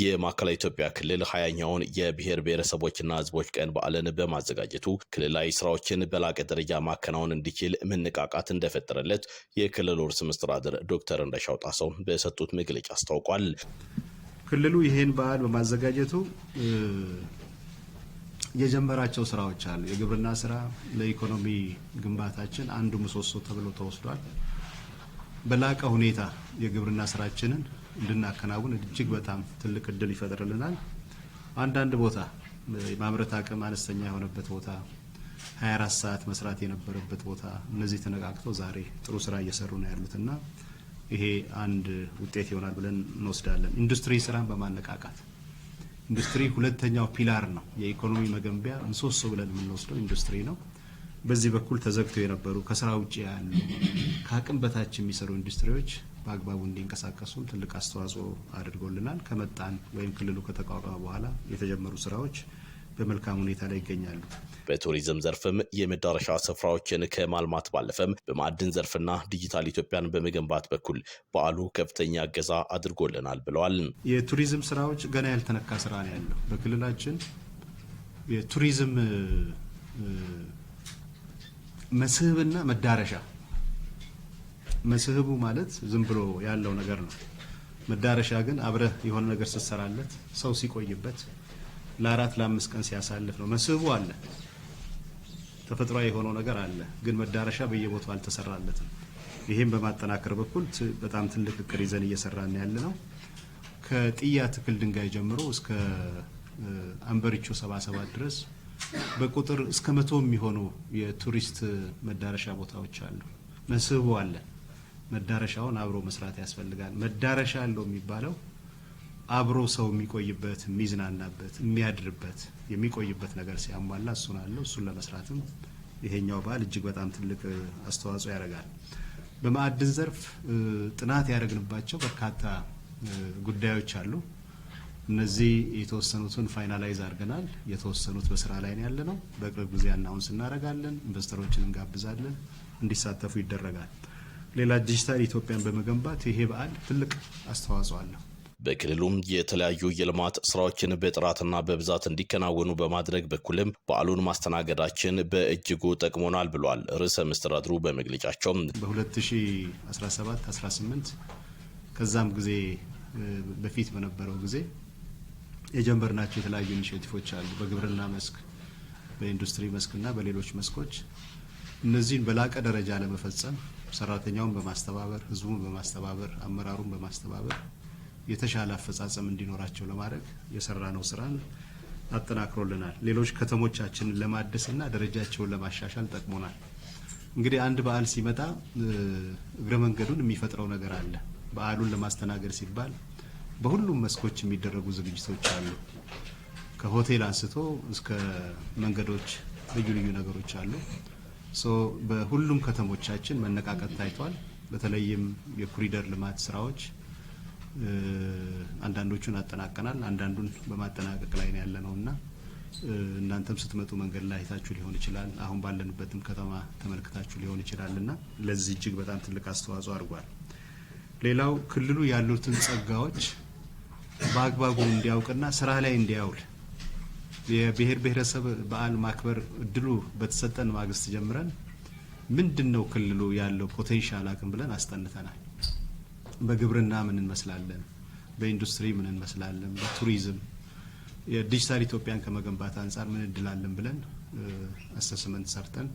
የማዕከላዊ ኢትዮጵያ ክልል ሀያኛውን የብሔር ብሔረሰቦችና ህዝቦች ቀን በዓልን በማዘጋጀቱ ክልላዊ ስራዎችን በላቀ ደረጃ ማከናወን እንዲችል መነቃቃት እንደፈጠረለት የክልሉ ርዕሰ መስተዳድር ዶክተር እንዳሻው ጣሰው በሰጡት መግለጫ አስታውቋል። ክልሉ ይህን በዓል በማዘጋጀቱ የጀመራቸው ስራዎች አሉ። የግብርና ስራ ለኢኮኖሚ ግንባታችን አንዱ ምሰሶ ተብሎ ተወስዷል። በላቀ ሁኔታ የግብርና ስራችንን እንድናከናውን እጅግ በጣም ትልቅ እድል ይፈጥርልናል። አንዳንድ ቦታ የማምረት አቅም አነስተኛ የሆነበት ቦታ 24 ሰዓት መስራት የነበረበት ቦታ እነዚህ ተነቃቅተው ዛሬ ጥሩ ስራ እየሰሩ ነው ያሉትና ይሄ አንድ ውጤት ይሆናል ብለን እንወስዳለን። ኢንዱስትሪ ስራን በማነቃቃት ኢንዱስትሪ ሁለተኛው ፒላር ነው። የኢኮኖሚ መገንቢያ እንሶሶ ብለን የምንወስደው ኢንዱስትሪ ነው። በዚህ በኩል ተዘግተው የነበሩ ከስራ ውጭ ያሉ ከአቅም በታች የሚሰሩ ኢንዱስትሪዎች በአግባቡ እንዲንቀሳቀሱም ትልቅ አስተዋጽኦ አድርጎልናል። ከመጣን ወይም ክልሉ ከተቋቋመ በኋላ የተጀመሩ ስራዎች በመልካም ሁኔታ ላይ ይገኛሉ። በቱሪዝም ዘርፍም የመዳረሻ ስፍራዎችን ከማልማት ባለፈም በማዕድን ዘርፍና ዲጂታል ኢትዮጵያን በመገንባት በኩል በዓሉ ከፍተኛ እገዛ አድርጎልናል ብለዋል። የቱሪዝም ስራዎች ገና ያልተነካ ስራ ነው ያለው በክልላችን የቱሪዝም መስህብና መዳረሻ መስህቡ ማለት ዝም ብሎ ያለው ነገር ነው። መዳረሻ ግን አብረህ የሆነ ነገር ስትሰራለት ሰው ሲቆይበት ለአራት ለአምስት ቀን ሲያሳልፍ ነው። መስህቡ አለ፣ ተፈጥሯዊ የሆነው ነገር አለ፣ ግን መዳረሻ በየቦታው አልተሰራለትም። ይህም በማጠናከር በኩል በጣም ትልቅ እቅድ ይዘን እየሰራን ያለ ነው። ከጥያ ትክል ድንጋይ ጀምሮ እስከ አንበሪቾ 77 ድረስ በቁጥር እስከ መቶ የሚሆኑ የቱሪስት መዳረሻ ቦታዎች አሉ። መስህቡ አለ። መዳረሻውን አብሮ መስራት ያስፈልጋል። መዳረሻ ያለው የሚባለው አብሮ ሰው የሚቆይበት፣ የሚዝናናበት፣ የሚያድርበት፣ የሚቆይበት ነገር ሲያሟላ እሱን አለው። እሱን ለመስራትም ይሄኛው በዓል እጅግ በጣም ትልቅ አስተዋጽኦ ያደርጋል። በማዕድን ዘርፍ ጥናት ያደረግንባቸው በርካታ ጉዳዮች አሉ። እነዚህ የተወሰኑትን ፋይናላይዝ አድርገናል። የተወሰኑት በስራ ላይ ያለ ነው። በቅርብ ጊዜ አናውንስ እናደርጋለን። ኢንቨስተሮችን እንጋብዛለን፣ እንዲሳተፉ ይደረጋል። ሌላ ዲጂታል ኢትዮጵያን በመገንባት ይሄ በዓል ትልቅ አስተዋጽኦ አለው። በክልሉም የተለያዩ የልማት ስራዎችን በጥራትና በብዛት እንዲከናወኑ በማድረግ በኩልም በዓሉን ማስተናገዳችን በእጅጉ ጠቅሞናል ብሏል ርዕሰ መስተዳድሩ በመግለጫቸው። በ2017 18 ከዛም ጊዜ በፊት በነበረው ጊዜ የጀመርናቸው የተለያዩ ኢኒሽቲቮች አሉ። በግብርና መስክ፣ በኢንዱስትሪ መስክና በሌሎች መስኮች እነዚህን በላቀ ደረጃ ለመፈጸም ሰራተኛውን በማስተባበር ህዝቡን በማስተባበር አመራሩን በማስተባበር የተሻለ አፈጻጸም እንዲኖራቸው ለማድረግ ነው ስራን አጠናክሮልናል። ሌሎች ከተሞቻችንን ለማደስና ደረጃቸውን ለማሻሻል ጠቅሞናል። እንግዲህ አንድ በዓል ሲመጣ እግረ መንገዱን የሚፈጥረው ነገር አለ። በዓሉን ለማስተናገድ ሲባል በሁሉም መስኮች የሚደረጉ ዝግጅቶች አሉ። ከሆቴል አንስቶ እስከ መንገዶች ልዩ ልዩ ነገሮች አሉ። በሁሉም ከተሞቻችን መነቃቀት ታይቷል። በተለይም የኮሪደር ልማት ስራዎች አንዳንዶቹን አጠናቀናል፣ አንዳንዱን በማጠናቀቅ ላይ ነው ያለ ነው እና እናንተም ስትመጡ መንገድ ላይ አይታችሁ ሊሆን ይችላል። አሁን ባለንበትም ከተማ ተመልክታችሁ ሊሆን ይችላል እና ለዚህ እጅግ በጣም ትልቅ አስተዋጽኦ አድርጓል። ሌላው ክልሉ ያሉትን ጸጋዎች በአግባቡ እንዲያውቅና ስራ ላይ እንዲያውል የብሔር ብሔረሰብ በዓል ማክበር እድሉ በተሰጠን ማግስት ጀምረን ምንድን ነው ክልሉ ያለው ፖቴንሻል አቅም ብለን አስጠንተናል። በግብርና ምን እንመስላለን፣ በኢንዱስትሪ ምን እንመስላለን፣ በቱሪዝም የዲጂታል ኢትዮጵያን ከመገንባት አንጻር ምን እድላለን ብለን አሰስመንት ሰርተን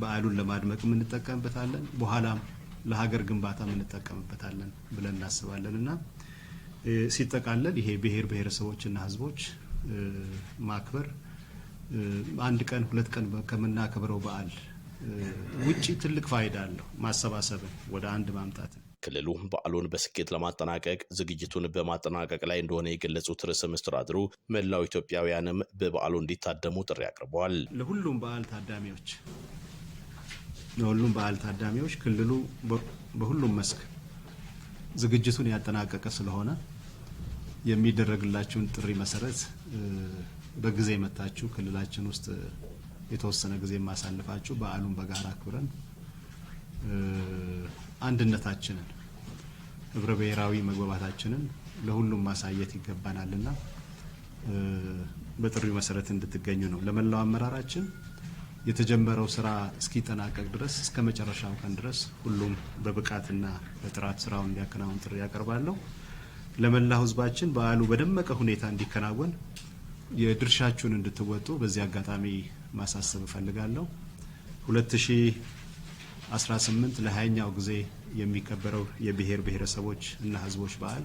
በዓሉን ለማድመቅ እንጠቀምበታለን፣ በኋላም ለሀገር ግንባታ እንጠቀምበታለን ብለን እናስባለን እና ሲጠቃለል ይሄ ብሔር ብሔረሰቦችና ህዝቦች ማክበር አንድ ቀን ሁለት ቀን ከምናከብረው በዓል ውጪ ትልቅ ፋይዳ አለው። ማሰባሰብን ወደ አንድ ማምጣት ክልሉ በዓሉን በስኬት ለማጠናቀቅ ዝግጅቱን በማጠናቀቅ ላይ እንደሆነ የገለጹት ርዕሰ መስተዳድሩ መላው ኢትዮጵያውያንም በበዓሉ እንዲታደሙ ጥሪ አቅርበዋል። ለሁሉም በዓል ታዳሚዎች ለሁሉም በዓል ታዳሚዎች ክልሉ በሁሉም መስክ ዝግጅቱን ያጠናቀቀ ስለሆነ የሚደረግላችሁን ጥሪ መሰረት በጊዜ መታችሁ ክልላችን ውስጥ የተወሰነ ጊዜ ማሳልፋችሁ በዓሉን በጋራ አክብረን አንድነታችንን ህብረ ብሔራዊ መግባባታችንን ለሁሉም ማሳየት ይገባናልና በጥሪው መሰረት እንድትገኙ ነው። ለመላው አመራራችን የተጀመረው ስራ እስኪጠናቀቅ ድረስ እስከ መጨረሻው ቀን ድረስ ሁሉም በብቃትና በጥራት ስራውን እንዲያከናውን ጥሪ ያቀርባለሁ። ለመላው ህዝባችን በዓሉ በደመቀ ሁኔታ እንዲከናወን የድርሻችሁን እንድትወጡ በዚህ አጋጣሚ ማሳሰብ እፈልጋለሁ። 2018 ለሀያኛው ጊዜ የሚከበረው የብሔር ብሔረሰቦች እና ህዝቦች በዓል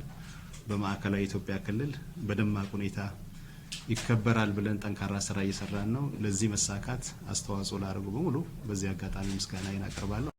በማዕከላዊ ኢትዮጵያ ክልል በደማቅ ሁኔታ ይከበራል ብለን ጠንካራ ስራ እየሰራን ነው። ለዚህ መሳካት አስተዋጽኦ ላደረጉ በሙሉ በዚህ አጋጣሚ ምስጋናዬን አቀርባለሁ።